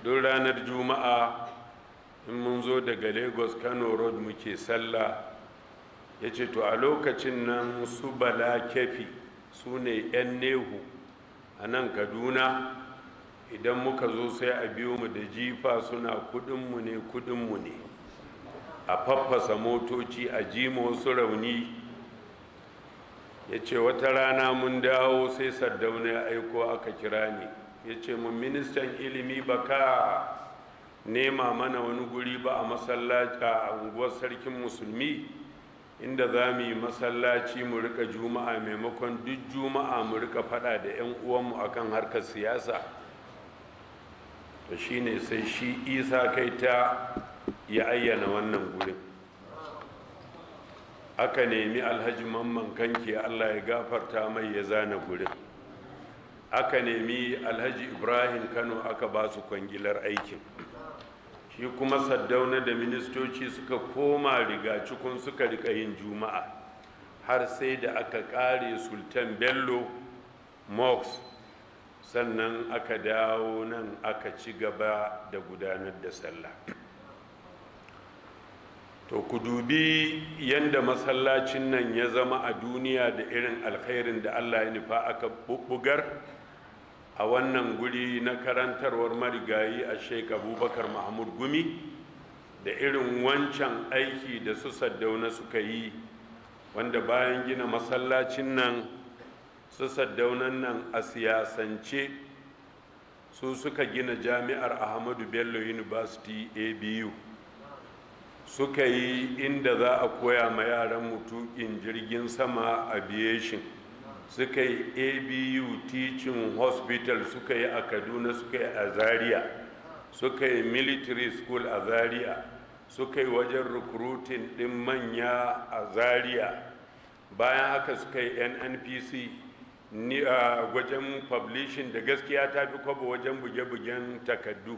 [SPEAKER 1] don ranar juma'a in mun zo daga lagos kano road muke sallah ya ce to a lokacin nan su bala kefi su ne 'yan nehu a nan kaduna idan muka zo sai a biyu mu da jifa suna kudinmu ne kudinmu ne a faffasa motoci a jima wasu rauni ya ce wata rana mun dawo sai sardauna ya aiko aka kira ni ya ce mun ministan ilimi ba ka nema mana wani guri ba a masallaci a unguwar sarkin musulmi inda za mu yi masallaci mu rika juma'a maimakon duk juma'a mu rika fada da 'yan uwanmu akan harkar siyasa to shine sai shi isa kai ta ya ayyana wannan gurin aka nemi alhaji mamman kanki allah ya gafarta mai ya zana gurin aka nemi alhaji ibrahim kano aka ba su kwangilar aikin shi kuma saddauna da ministoci suka koma riga cikun suka rika yin juma'a har sai da aka kare sultan bello mox sannan aka dawo nan aka ci gaba da gudanar da sallah to ku dubi yadda masallacin nan ya zama a duniya da irin alkhairin da allah ya nufa aka bugar a wannan guri na karantarwar marigayi a sheik abubakar mahmud gumi da irin wancan aiki da su saddauna suka yi wanda bayan gina masallacin nan su saddaunan nan a siyasance su suka gina jami'ar ahmadu bello university abu suka yi inda za a koya ma yaran mutukin jirgin sama aviation suka yi abu teaching hospital suka yi a kaduna suka yi a zaria suka yi military school a zaria suka yi wajen recruiting din manya a zaria bayan haka suka yi nnpc ni a wajen publishing da gaskiya ta fi kwabo wajen buge-bugen takaddu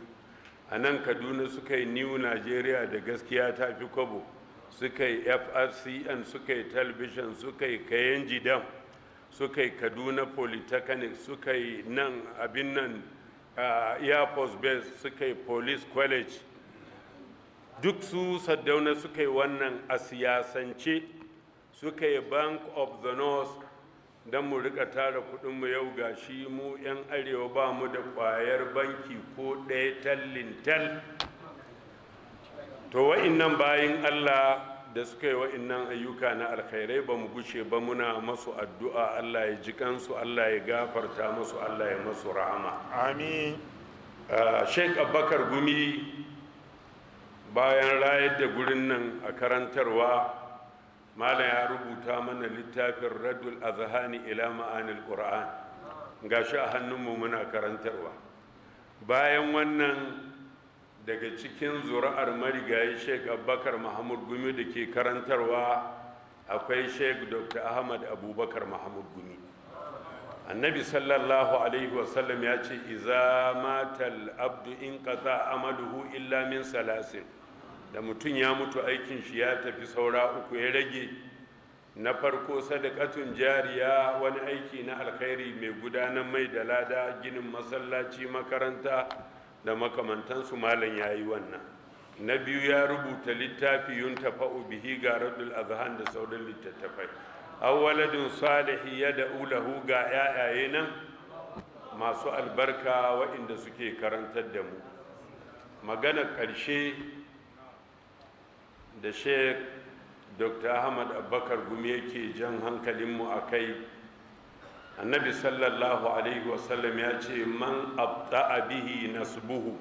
[SPEAKER 1] a nan kaduna suka yi new nigeria da gaskiya ta fi kwabo suka yi frcn suka yi television suka yi kayan jidan suka yi kaduna polytechnic suka yi nan abin nan air force base suka yi police college duk su saddauna suka yi wannan a siyasance suka yi bank of the north don mu rika tara kudinmu yau ga shi mu 'yan arewa ba mu da kwayar banki ko ɗaya tallin tal to wa'innan bayan allah da suka yi wa'innan ayyuka na alkhairai ba mu gushe ba muna masu addu'a allah ya ji kansu allah ya gafarta masu allah ya masu rahama amin ah, sheik abubakar gumi bayan rayar da gurin nan a karantarwa malam ya rubuta mana littafin radul azhani ila ma'anil qur'an shi a hannunmu muna karantarwa bayan wannan daga cikin zuri'ar marigayi sheik abubakar mahamud gumi da ke karantarwa akwai sheik dr ahmad abubakar mahamud gumi annabi sallallahu alaihi wasallam ya ce iza matal abdu in qata amaluhu illa min salasin da mutum ya mutu aikin shi ya tafi saura uku ya rage na farko sadakatun jariya wani aiki na alkhairi mai gudanar mai da lada ginin masallaci makaranta da makamantansu malam ya yi wannan na biyu ya rubuta littafi yun tafa'u bihi ga radul azhan da sauran littattafai awwaladun salihi ya da ulahu ga yayaye nan masu albarka waɗanda suke karantar da mu maganar ƙarshe da sheikh dr ahmad abubakar gumi yake jan hankalinmu a kai annabi sallallahu alaihi wasallam ya ce man abta'a bihi nasbuhu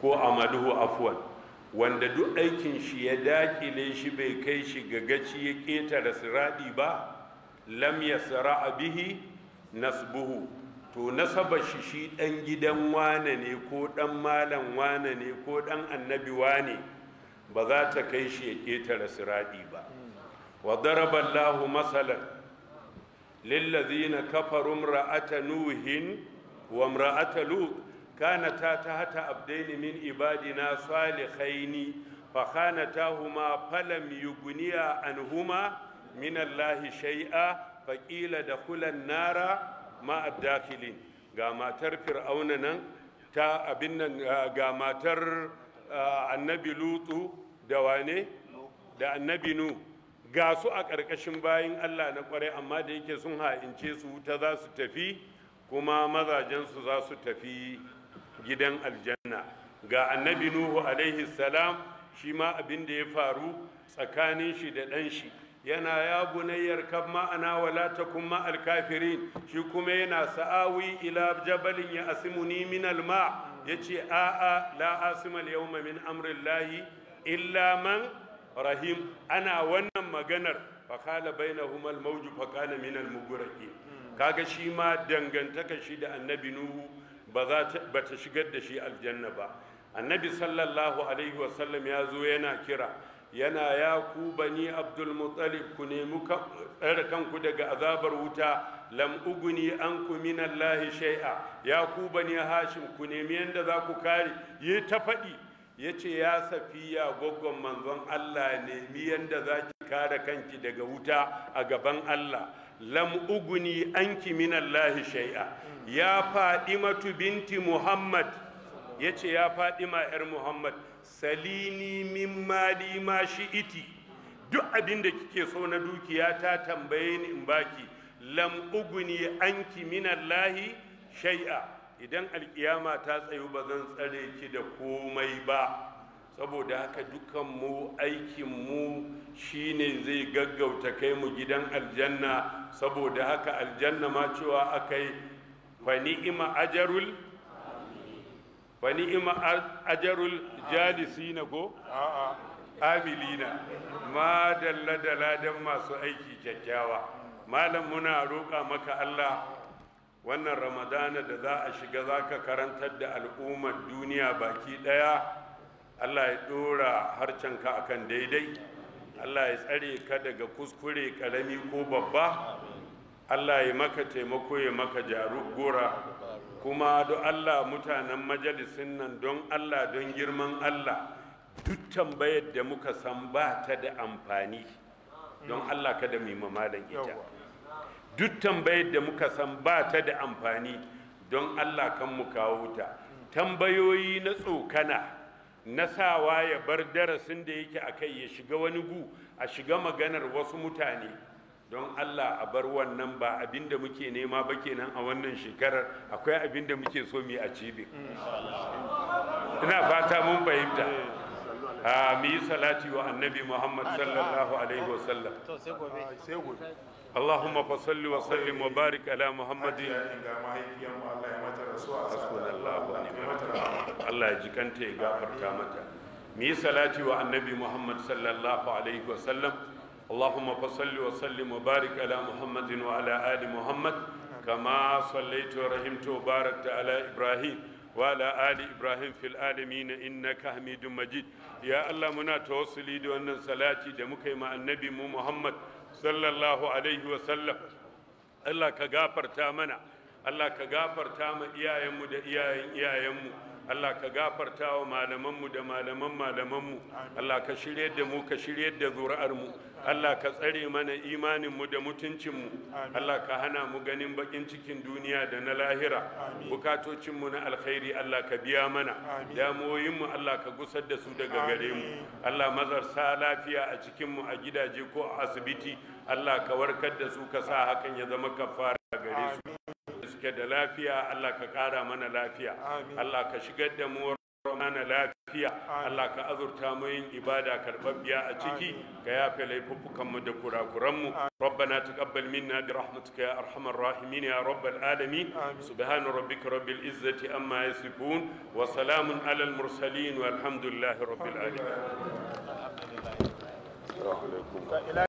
[SPEAKER 1] ko amaluhu afwan wanda duk aikin shi ya dakile shi bai kai shi ga gaci ya ketare siradi ba lam yasra bihi nasbuhu to nasaba shi shi dan gidan wane ne ko dan malam wane ne ko dan annabi wane ne ba za ta kai shi ya ƙetare siraɗi ba wa daraballahu masalan lillazina kafaru imra'ata nuhin wa Kana ta kanata tahta abdaini min ibadina salihaini fa huma falam yughniya anhuma min allahi shai'a. fa da kulan nara ma ad ga matar fir'auna nan ta abin nan ga matar annabi lutu da wane da annabi nu ga su a ƙarƙashin bayan allah na ƙwarai amma da yake sun ha'ince su ta za su tafi kuma mazajensu za su tafi gidan aljanna ga annabi nuhu alaihi salam shi ma abin da ya faru tsakanin shi da ɗan shi yana ya bunayyar kan ma'ana wala ta kuma alkafirin shi kuma yana sa'awi ila jabalin ya asimuni min alma Ya ce a'a la asima al-yawma min illa man rahim ana wannan maganar fakala bai na humal mauju fakala minal mugurake kaga shi ma dangantaka shi da annabi nuhu ba ba ta shigar da shi aljanna ba annabi sallallahu alaihi wasallam ya zo yana kira yana ya ku bani abdulmuttalib ku nemi tsare kanku daga azabar wuta lam uguni an ku minallahi shai'a ya ku bani hashim ku nemi yadda za ku kare yi ta faɗi ya ce ya safiya gwaggon manzon allah nemi yadda za ki kare kanki daga wuta a gaban allah lam uguni an ki minallahi shai'a ya faɗi binti muhammad ya ce ya faɗi ma 'yar muhammad salini min mali ma iti duk abin da kike so na dukiya ta tambaye ni in baki lam uguni anki min allahi shay'a idan alkiyama ta tsayu ba zan tsare ki da komai ba saboda haka dukan mu aikin mu shine zai gaggauta kai mu gidan aljanna saboda haka aljanna ma cewa akai fa ni'ima ajarul Bani ima Ajarul jalisina go amilina ma dalla dalla masu aiki kyakkyawa malam muna roƙa maka Allah wannan ramadana da za a shiga za ka karantar da al'ummar duniya baki ɗaya allah ya ɗora harcenka a kan daidai allah ya tsare ka daga kuskure ƙarami ko babba allah ya maka taimako ya maka jaru gora kuma do allah mutanen majalisin nan don allah don girman allah duk tambayar da muka san ba ta da amfani don allah kada mu yi mamalan ita duk tambayar da muka san ba ta da amfani don allah kan mu kawo ta tambayoyi na tsokana na sawa ya bar darasin da yake a kai ya shiga wani gu a shiga maganar wasu mutane don Allah a bar wannan ba abinda muke nema ba kenan a wannan shekarar akwai abinda muke so mu yi a cibin ina fata mun fahimta a ah, mu yi salati wa annabi Muhammad sallallahu alaihi wa sallam ah, Allahumma fa salli wa sallim wa barik ala Muhammadin Allah ya jikanta ya gafarta mata mu yi salati wa annabi Muhammad sallallahu alaihi wa sallam اللهم فصل وسلم وبارك على محمد وعلى آل محمد كما صليت ورحمت وباركت على إبراهيم وعلى آل إبراهيم في العالمين إنك حميد مجيد يا الله منا توصلي دون صلاتي دمك مع النبي محمد صلى الله عليه وسلم الله كغافر تامنا Allah ka gafarta ma iyayenmu da iyayen iyayenmu Allah ka gafarta wa malamanmu da malaman malamanmu Allah ka shirye da mu ka shirye da zuri'armu Allah ka tsare mana imaninmu da mutuncinmu Allah ka hana mu ganin bakin cikin duniya da na lahira bukatocinmu na alkhairi Allah ka biya mana damuwoyinmu Allah ka gusar da su daga gare mu Allah mazarsa lafiya a cikinmu a gidaje ko a asibiti Allah ka warkar da su ka sa hakan ya zama kafara gare su muke da lafiya Allah ka ƙara mana lafiya Allah ka shigar da mu mana lafiya Allah ka azurta mu yin ibada karbabbiya a ciki ka yafe laifuffukan mu da kurakuran mu rabbana taqabbal minna bi rahmatika ya arhamar rahimin ya rabbal alamin subhana rabbika rabbil izzati amma yasifun wa salamun alal mursalin walhamdulillahi rabbil alamin